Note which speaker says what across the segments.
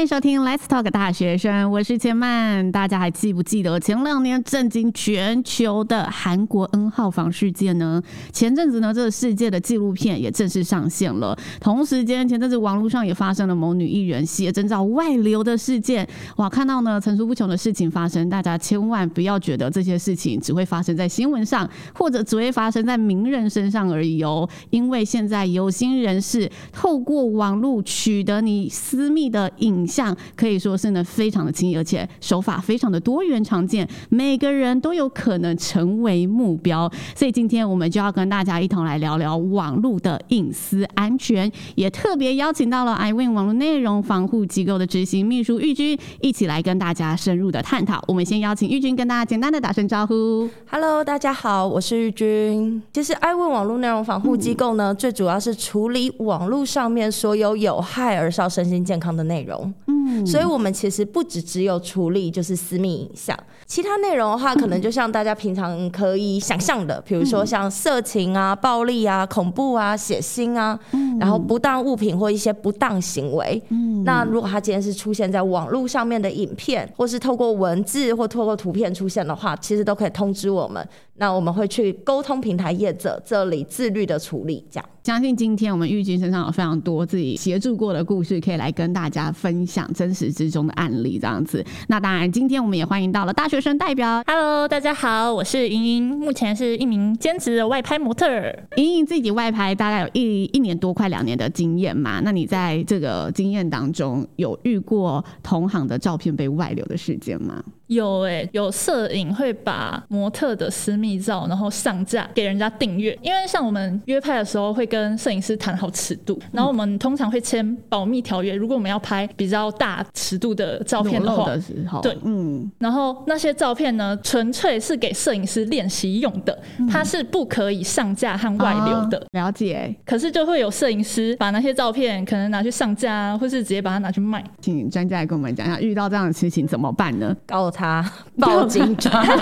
Speaker 1: 歡迎收聽《Let's Talk 大學生》，我是千嫚。大家還記不記得前兩年震驚全球的韓國 N 號房事件呢？前陣子呢，這個事件的紀錄片也正式上線了。同時間，前陣子網絡上也發生了某女藝人寫真照外流的事件。哇，看到呢層出不窮的事情發生，大家千萬不要覺得這些事情只會發生在新聞上，或者只會發生在名人身上而已哦。因為現在有心人士透過網絡取得你私密的影。像可以說是呢非常的輕易，而且手法非常的多元常見，每個人都有可能成為目標。所以今天我們就要跟大家一同來聊聊網絡的隱私安全，也特別邀請到了 iWIN 網絡內容防護機構的執行秘書昱均，一起來跟大家深入的探討。我們先邀請昱均跟大家簡單的打聲招呼。Hello，大家好，我是昱均。其實 iWIN 網絡內容防
Speaker 2: 護機構呢，嗯、最主要是處理網絡上面所有有害兒少身心健康的內容。所以，我們其實不只只有處理就是私密影像，其他內容的話，可能就像大家平常可以想象的，比如說像色情啊、暴力啊、恐怖啊、血腥啊，然後不當物品或一些不當行為。嗯，那如果它今天是出現在網絡上面的影片，或是透過文字或透過圖片出現的話，其實都可以通知我們。那我們會去溝通平台業者，這裡自律的
Speaker 1: 處理講。相信今天我們昱均身上有非常多自己協助過的故事，可以來跟大家分享真實之中的案例這樣子。那當然，今天我們也歡迎到了大學生代表。Hello，大家好，我是瀠瀠，目前是一名兼職的外拍模特。瀠瀠自己外拍大概有一一年多，快兩年的經驗嘛。那你在這個經驗當中，有遇過同行的照片被外流的事件嗎？
Speaker 3: 有哎、欸，有攝影會把模特的私密照然後上架給人家訂閱，因為像我們約拍的時候會跟攝影師談好尺度，然後我們通常會簽保密條約。如果我們要拍比較大尺度的照片的話，對，嗯。然後那些照片呢，純粹是給攝影師練習用的，它是不可以上架和外流的。了解。可是就會有攝影師把那些照片可能拿去上架啊，或是直接把它拿去
Speaker 1: 賣。請專家來跟我們講一下，遇到這樣的事情怎麼辦呢？告。報警抓他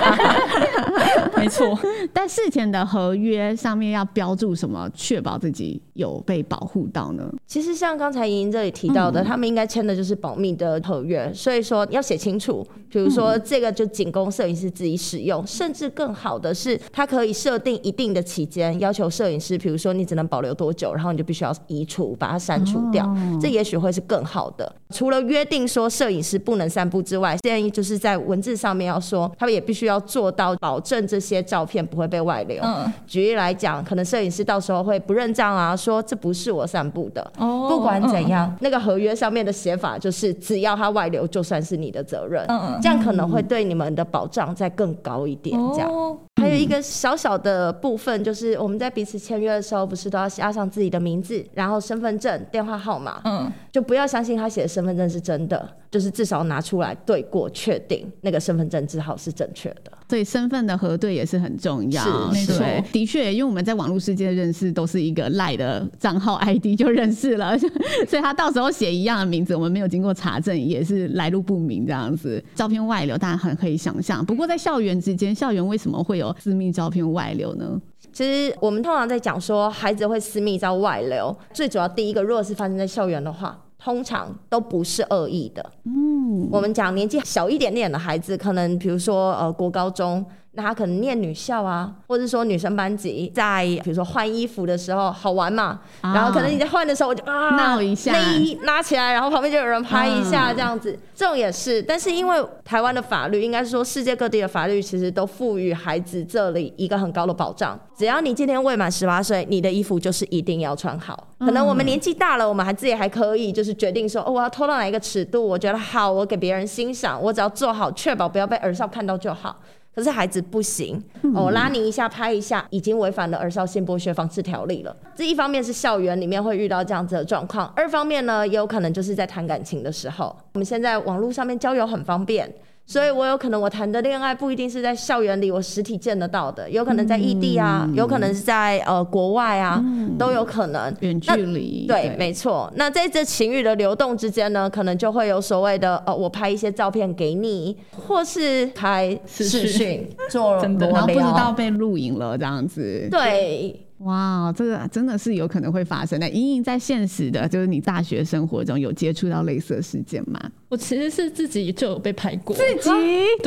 Speaker 1: 報警，沒錯。但事前的合約上面要標註什麼，確保自己有被保護到呢？其實像剛才瀠瀠這裡提到的，嗯、他們應該
Speaker 2: 簽的就是保密的合約，所以說要寫清楚。比如說這個就僅供攝影師自己使用，嗯、甚至更好的是，他可以設定一定的期間，要求攝影師，比如說你只能保留多久，然後你就必須要移除，把它刪除掉。哦、這也許會是更好的。除了約定說攝影師不能散佈之外，建議就是在。文字上面要說，他們也必須要做到保證這些照片不會被外流。嗯，舉例來講，可能攝影師到時候會不認賬啊，說這不是我散布的。哦，不管怎樣，嗯，那個合約上面的寫法就是，只要他外流，就算是你的責任。嗯嗯，這樣可能會對你們的保障再更高一點，這樣。哦。還有一個小小的部分，就是我們在彼此簽約的時候，不是都要加上自己的名字，然後身份證、電話號碼，嗯，就不要相信他寫的身份證是真的，就是至少拿出來對過，確定那個身份證字號是正確
Speaker 1: 的。對身份的核對也是很重要，是對沒錯，的確，因為我們在網絡世界的認識都是一個賴的賬號 ID 就認識了，所以他到時候寫一樣的名字，我們沒有經過查證，也是來路不明這樣子，照片外流，大家很可以想象。不過在校園之間，校園為什麼會有私密照片外流呢？其實我們通常在講說，
Speaker 2: 孩子會私密照外流，最主要第一個，如果是發生在校園的話。通常都不是惡意的。嗯
Speaker 1: ，mm. 我們
Speaker 2: 講年紀小一點點的孩子，可能比如說呃，國高中。他可能念女校啊，或者說女生班級，在比如說換衣服的時候好玩嘛。哦、然後可能你在換的時候，我就啊，鬧一下，內衣拉起來，然後旁邊就有人拍一下，這樣子，嗯、這種也是。但是因為台灣的法律，應該是說世界各地的法律其實都賦予孩子這裡一個很高的保障。只要你今天未滿十八歲，你的衣服就是一定要穿好。可能我們年紀大了，我們還自己還可以，就是決定說，嗯、哦，我要脫到哪一個尺度？我覺得好，我給別人欣賞，我只要做好，確保不要被兒少看到就好。可是孩子不行，我、嗯哦、拉你一下拍一下，已經違反了《兒少性剝削防治條例》了。這一方面是校園裡面會遇到這樣子的狀況，二方面呢也有可能就是在談感情的時候，我們現在網絡上面交友很方便。所以，我有可能我談的戀愛不一定是在校園裡，我實體見得到的，有可能在異地啊，嗯、有可能是在呃國外啊，嗯、都有可能。遠距離對，對沒錯。那在這情慾的流動之間呢，可能就會有所謂的呃，我拍一些照片給你，或是拍視訊是做我，然後不知道
Speaker 1: 被錄影了這樣子。對。哇，wow, 這個真的是有可能會發生的。瀠瀠在現實的，就是你大學生活中有接觸到類似的事件嗎？我其實是自己就有被拍過。自己？啊、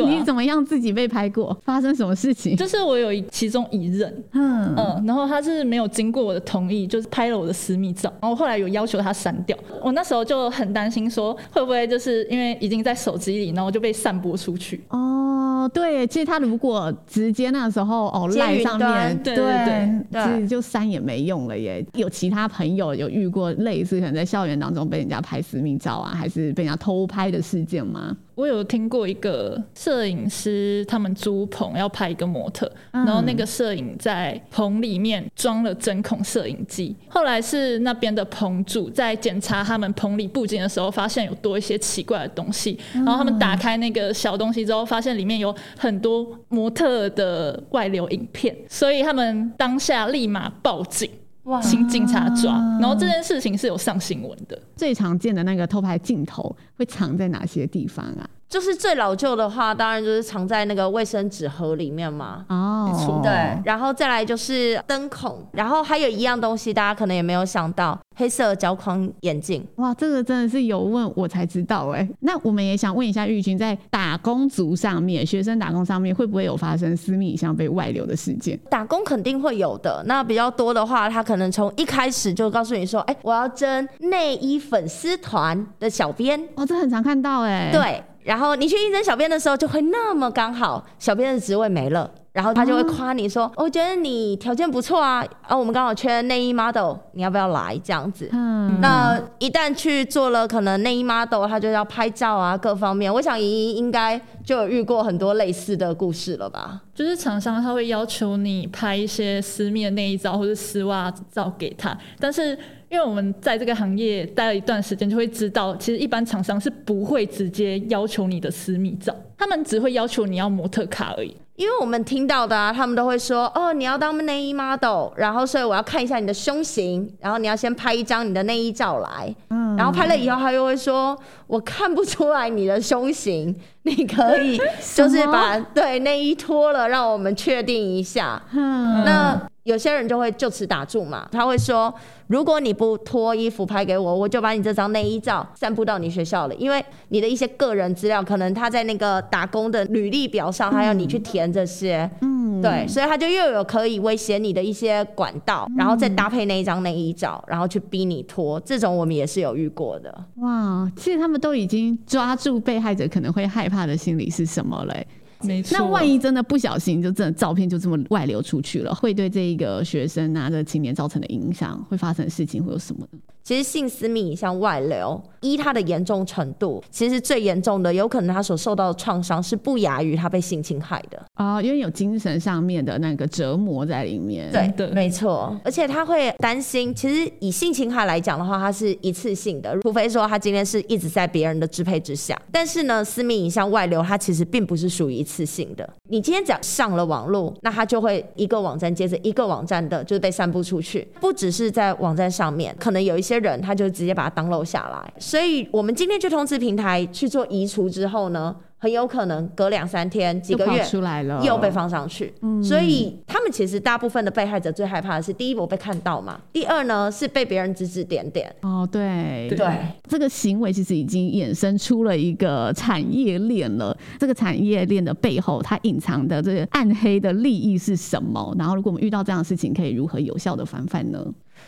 Speaker 1: 你怎麼樣？自己被拍
Speaker 3: 過？啊、發生什麼事情？就是我有其中一任，嗯嗯、呃，然後他是沒有經過我的同意，就是拍了我的私密照，然後後來有要求他刪掉。我那時候就很擔心，說會不會就是因為已經在手機裡，然後就被散播出去。
Speaker 1: 哦。哦，對，其實他如果直接那時候哦 LINE 上面，對對對，就刪也沒用了耶。對有其他朋友有遇過類似，可能在校園當中被人家拍私密照啊，還是被人家偷拍的事件嗎？
Speaker 3: 我有聽過一個攝影師，他們租棚要拍一個模特，嗯、然後那個攝影在棚裡面裝了針孔攝影機。後來是那邊的棚主在檢查他們棚裡布景的時候，發現有多一些奇怪的東西。嗯、然後他們打開那個小東西之後，發現裡面有很多模特的外流影片，所以他們當下立馬報警。請警察抓，
Speaker 1: 啊、然後這件事情是有上新聞的。最常見的那個偷拍鏡頭會藏在哪些地方啊？
Speaker 2: 就是最老舊的話，當然就是藏在那個衛生紙盒裡面嘛。哦，對，然後再來就是燈孔，然後還有一樣東西，大家可能也沒有想到，黑色膠框眼鏡。
Speaker 1: 哇，這個真的是有問我才知道哎。那我們也想問一下昱均，在打工族上面，學生打工上面會不會有發生私密影像被外流的事件？打工肯定會有的。那比較多的話，他
Speaker 2: 可能從一開始就告訴你說，哎、欸，我要徵內衣粉絲團的小編。哇、哦，這很常看到哎。對。然後你去應徵小編的時候就會那麼剛好，小編的職位沒了，然後他就會誇你說：“我覺得你條件不錯啊，啊，我們剛好缺內衣 model，你要不要來？”這樣子。嗯，那一旦去做了可能內衣 model，他就要拍照啊，各方面。我想瀠瀠應該就有遇過很多類似的故事了吧？就
Speaker 3: 是廠商他會要求你拍一些私密的內衣照或者絲襪照給他，但是。因為我們在這個行業待了一段時間，就會知道，其實一般廠商是不會直接要求你的私密照，他們只會要求你要模特卡而已。
Speaker 2: 因為我們聽到的啊，他們都會說：“哦，你要當內衣 model，然後所以我要看一下你的胸型，然後你要先拍一張你的內衣照來。”嗯，然後拍了以後，他又會說：“我看不出來你的胸型，你可以就是把麼對內衣脫了，讓我們確定一下。”嗯，那。有些人就會就此打住嘛，他會說：如果你不脫衣服拍給我，我就把你這張內衣照散布到你學校了。因為你的一些個人資料，可能他在那個打工的履歷表上，嗯、他要你去填這些，嗯，
Speaker 1: 對，所
Speaker 2: 以他就又有可以威脅你的一些管道，嗯、然後再搭配那一張內衣照，然後去逼你脫。這種我們也是有遇過的。
Speaker 1: 哇，其實他們都已經抓住被害者可能會害怕的心理是什麼嘞？啊、那萬一真的不小心，就這照片就這麼外流出去了，會對這一個學生啊，這個、青年造成的影響，會發生的事情會有什麼呢？
Speaker 2: 其實性私密影像外流，依，它的嚴重程度，其實最嚴重的，有可能他所受到的創傷是不亞於他被性侵害的
Speaker 1: 啊、哦，因為有精神上面的那個折磨在裡面。對對，對沒錯。
Speaker 2: 而且他會擔心，其實以性侵害來講的話，它是一次性的，除非說他今天是一直在別人的支配之下。但是呢，私密影像外流，它其實並不是屬於一次性的。你今天只要上了網絡，那它就會一個網站接着一個網站的就被散布出去，不只是在網站上面，可能有一些。人他就直接把它當 d 下來，所以我們今天去通知平台去做移除之後呢，很有可能隔兩三天、幾個月出來了，又被放上
Speaker 1: 去。所以他
Speaker 2: 們其實大部分的被害者最害怕的是第一我被看到嘛，第二呢是被別人指指點點。
Speaker 1: 哦，對對，這個行為其實已經衍生出了一個產業鏈了。這個產業鏈的背後，它隱藏的這個暗黑的利益是什麼？然後，如果我們遇到這樣的事情，可以如何有效的防範呢？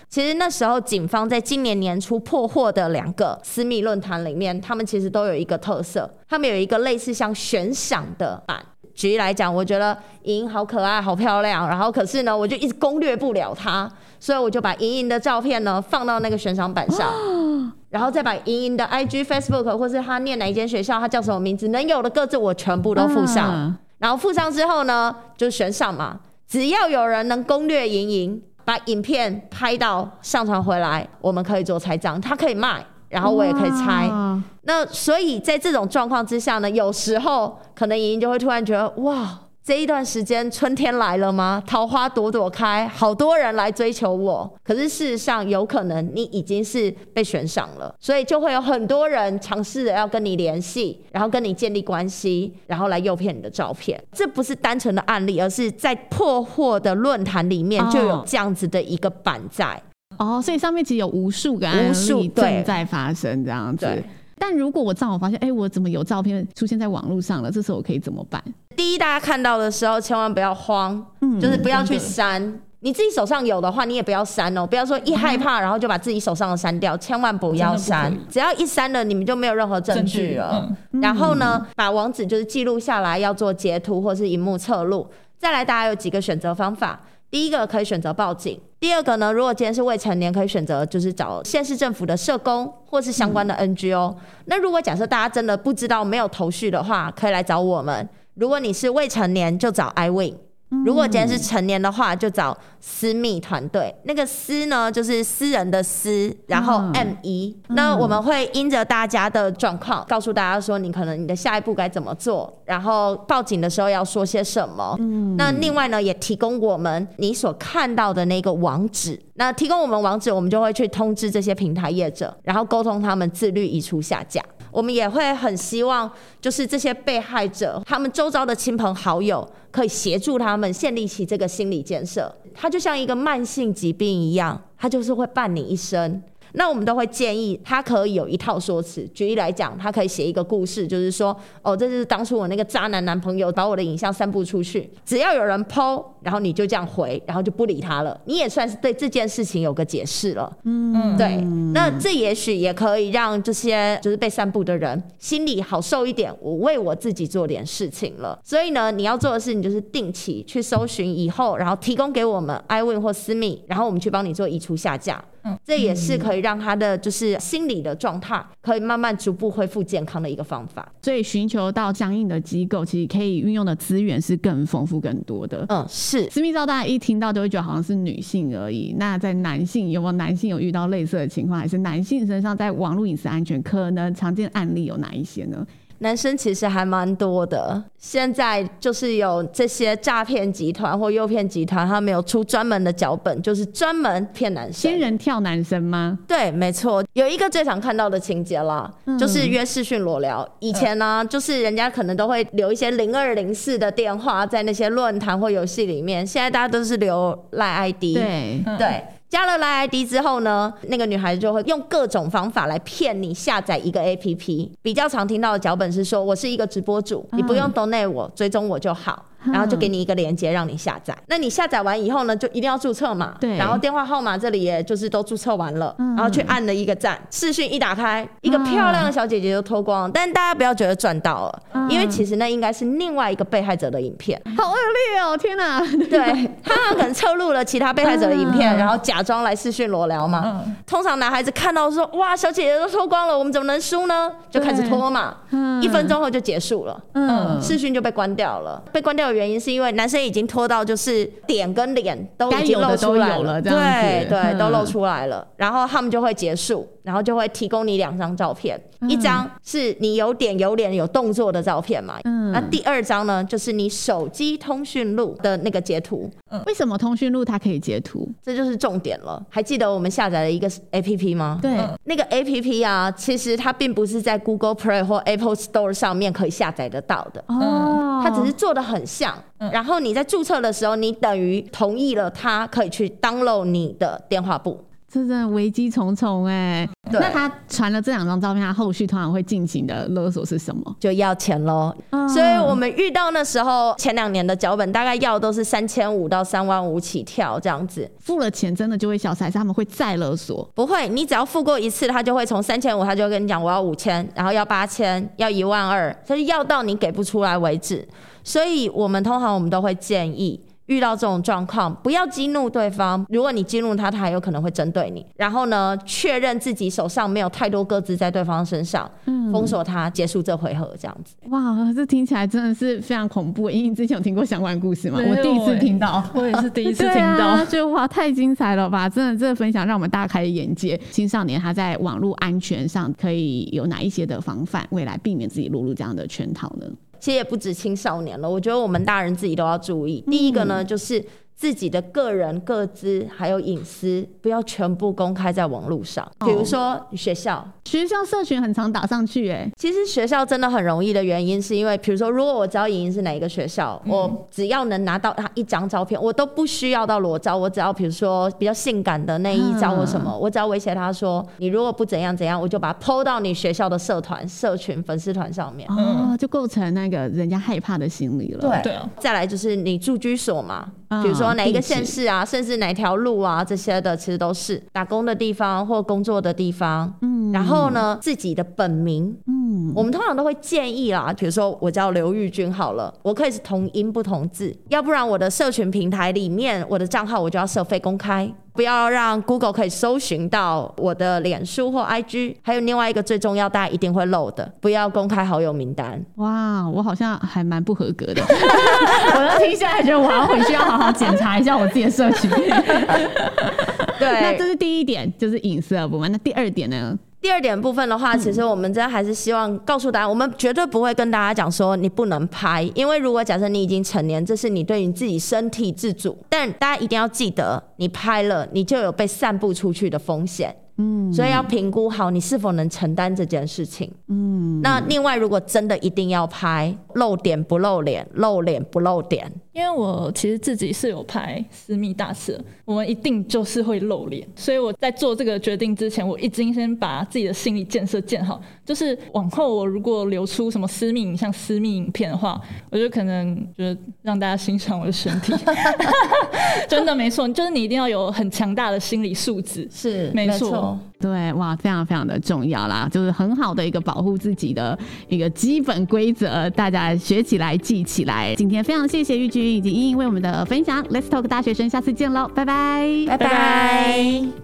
Speaker 2: 其實那時候，警方在今年年初破獲的兩個私密論壇裡面，他們其實都有一個特色，他們有一個類似像懸賞的版。舉例來講，我覺得瀠瀠好可愛、好漂亮，然後可是呢，我就一直攻略不了她，所以我就把瀠瀠的照片呢放到那個懸賞版上，哦、然後再把瀠瀠的 IG、Facebook 或是她念哪一間學校、她叫什麼名字，能有的個資我全部都附上，啊、然後附上之後呢，就懸賞嘛，只要有人能攻略瀠瀠。把影片拍到上傳回來，我們可以做拆賬，他可以賣，然後我也可以拆。哇那所以在這種狀況之下呢，有時候可能瀠瀠就會突然覺得，哇。這一段時間春天來了嗎？桃花朵朵開，好多人來追求我。可是事實上，有可能你已經是被懸賞了，所以就會有很多人嘗試着要跟你聯繫，然後跟你建立關係，然後來誘騙你的照片。這不是單純的案例，而是在破獲的論壇裡面就有這樣子的一個板
Speaker 1: 在。哦，所以上面其實有無數個案例正在發生這樣子。無數，對，對。但如果我正好發現，誒、欸，我怎麼有照片出現在網絡上了？這時候我可以怎麼辦？第一，大家看到
Speaker 2: 的時候千萬不要慌，嗯、就是不要去刪。真的。你自己手上有的話，你也不要刪哦，不要說一害怕，嗯、然後就把自己手上的刪掉，千萬不要刪。只要一刪了，你們就沒有任何證據了。證據、嗯、然後呢，嗯、把網址就是記錄下來，要做截圖或是熒幕側錄。再來，大家有幾個選擇方法。第一個可以選擇報警，第二個呢，如果今天是未成年，可以選擇就是找縣市政府的社工或是相關的 NGO。嗯、那如果假設大家真的不知道、沒有頭緒的話，可以來找我們。如果你是未成年，就找 iWIN。如果今天是成年的話，就找私密團隊。那個私呢，就是私人的私，然後 ME、嗯。嗯、那我們會因着大家的狀況，告訴大家說，你可能你的下一步該怎麼做，然後報警的時候要說些什麼。嗯、那另外呢，也提供我們你所看到的那個網址。那提供我們網址，我們就會去通知這些平台業者，然後溝通他們自律移除下架。我們也會很希望，就是這些被害者，他們周遭的親朋好友可以協助他們建立起這個心理建設。它就像一個慢性疾病一樣，它就是會伴你一生。那我們都會建議他可以有一套說辭。舉例來講，他可以寫一個故事，就是說，哦，這就是當初我那個渣男男朋友把我的影像散布出去，只要有人 PO，然後你就這樣回，然後就不理他了。你也算是對這件事情有個解釋了。嗯，對。那這也許也可以讓這些就是被散布的人心裡好受一點。我為我自己做點事情了。所以呢，你要做的事情就是定期去搜尋以後，然後提供給我們 iWIN 或私密，然後我們去幫你做移
Speaker 1: 除下架。
Speaker 2: 嗯，這也是可以讓他的就是心理的狀態可以慢慢逐步恢
Speaker 1: 復健康的一個方法。嗯，所以尋求到相應的機構，其實可以運用的資源是更豐富、更多的。嗯，是私密照，大家一聽到都會覺得好像是女性而已。那在男性有沒有，男性有遇到類似的情況，還是男性身上在網絡隱私安全可能常見案例有哪一些呢？男生其實還蠻多的，現在就是有
Speaker 2: 這些詐騙集團或誘騙集團，他們有出專門的腳本，就是專門騙男生。仙人跳男生嗎？對，沒錯。有一個最常看到的情節啦，嗯、就是約視訊裸聊。以前呢、啊，呃、就是人家可能都會留一些零二零四的電話在那些論壇或遊戲裡面，現在大家都是留賴 ID、嗯。對。嗯對加了來 ID 之後呢，那個女孩子就會用各種方法來騙你下載一個 APP。比較常聽到的腳本是說：“我是一個直播主，你不用 donate 我，嗯、追蹤我就好。”然後就給你一個鏈接讓你下載，那你下載完以後呢，就一定要注冊嘛。對。然後電話號碼這裡也就是都注冊完了，然後去按了一個讚。視訊一打開，一個漂亮的小姐姐就脫光。但大家不要覺得賺到了，因為其實那應該是另外一個被害者的影片。好惡劣哦！天吶。對，他可能側錄了其他被害者的影片，然後假裝來視訊裸聊嘛。通常男孩子看到說，哇，小姐姐都脫光了，我們怎麼能輸呢？就開始脫嘛。嗯。一分鐘後就結束了。嗯。視訊就被關掉了，被關掉。原因是因為男生已經拖到就是點跟臉都已經露出來了，該有的都有了這樣子，對，對對，都露出來了。嗯、然後他們就會結束，然後就會提供你兩張照片，嗯、一張是你有點有臉有動作的照片嘛，嗯，那、啊、第二張呢，就是你手機通訊錄的那個截圖。
Speaker 1: 嗯、為什麼通訊錄它可以截圖？
Speaker 2: 這就是重點了。還記得我們下載了一個 APP 嗎？對，嗯、那個 APP 啊，其實它並不是在 Google Play 或 Apple Store 上面可以下載得到的。哦、嗯。它只是做的很像。嗯、然後你在註冊的時候，你等於同意了，他可以去 download 你的電話
Speaker 1: 簿。這真的危機重重哎、欸，對那他傳了這兩張照片，他後續通常會進行的勒索是什麼？就要錢嘍。嗯、所以我們
Speaker 2: 遇到那時
Speaker 1: 候前兩年的
Speaker 2: 腳本，大概要都是三千五到三萬五起跳這樣子。
Speaker 1: 付了錢真的就會消失，他們會再勒索？
Speaker 2: 不會，你只要付過一次，他就會從三千五，他就會跟你講我要五千，然後要八千，要一萬二，就要到你給不出來為止。所以我們通常我們都會建議。遇到這種狀況，不要激怒對方。如果你激怒他，他還有可能會針對你。然後呢，確認自己手上沒有太多個資在對方身上，嗯、封鎖他，結束這回合，這樣子。
Speaker 1: 哇，這聽起來真的是非常恐怖，因為你之前有聽過相關故事嗎？我第一次聽到我，我也是第一次聽到、啊，就哇，太精彩了吧！真的，這分享讓我們大開眼界。青少年他在網絡安全上可以有哪一些的防範，未來避免自己落入這樣的圈套呢？
Speaker 2: 其實也不止青少年了，我覺得我們大人自己都要注意。嗯、第一個呢，就是自己的個人、個資還有隱私，不要全部公開在網絡上。嗯、比如說學校。其實像社群很
Speaker 1: 常打上去哎、欸，
Speaker 2: 其實學校真的很容易的原因是因為，比如說如果我知道瀠瀠是哪一個學校，嗯、我只要能拿到他一張照片，我都不需要到裸照，我只要比如說比較性感的內衣照或什麼，嗯、我只要威脅他說，你如果不怎樣怎樣，我就把它 PO 到你學校的社團、社
Speaker 1: 群、粉絲團上面、哦，就構成那個人家害怕的心理了。對，對
Speaker 2: 哦、再來就是你住居所嘛，比如說哪一個縣市啊，啊甚至哪條路啊這些的，其實都是打工的地方或工作的地方。嗯然後呢，嗯、自己的本名，
Speaker 1: 嗯，我們通
Speaker 2: 常都會建議啦。比如說，我叫劉昱均好了，我可以是同音不同字，要不然我的社群平台裡面我的賬號我就要設非公開，不要讓 Google 可以搜尋到我的臉書或 IG。還有另外一個最重要，大家一定會漏的，
Speaker 1: 不要公開好友名單。哇，我好像還蠻不合格的， 我要聽下來，就我要回去 要好好檢查一下我自己的社群。 對，那這是第一點，就是隱私部分。那第二點呢？
Speaker 2: 第二點部分的話，其實我們真的還是希望告訴大家，我們絕對不會跟大家講說你不能拍，因為如果假設你已經成年，這是你對你自己身體自主。但大家一定要記得，你拍了，你就有被散布出去的風險。嗯，所以要評估好你是否能承擔這件事情。嗯，那另外，如果真的一定要拍，露點不露臉，露臉不露點。
Speaker 3: 因為我其實自己是有拍私密大社，我們一定就是會露臉，所以我在做這個決定之前，我已經先把自己的心理建設建好。就是往後，我如果流出什麼私密影像、私密影片的話，我就可能就是讓大家
Speaker 1: 欣賞我的身體。
Speaker 3: 真的沒錯，就是你一定要有很強大的心理素質。是，沒錯。沒錯。
Speaker 1: 對，哇，非常非常的重要啦，就是很好的一個保護自己的一個基本規則，大家學起來、記起來。今天非常謝謝昱均以及瀠瀠為我們的分享。Let's talk 大學生，下次見嘍，拜拜，拜拜。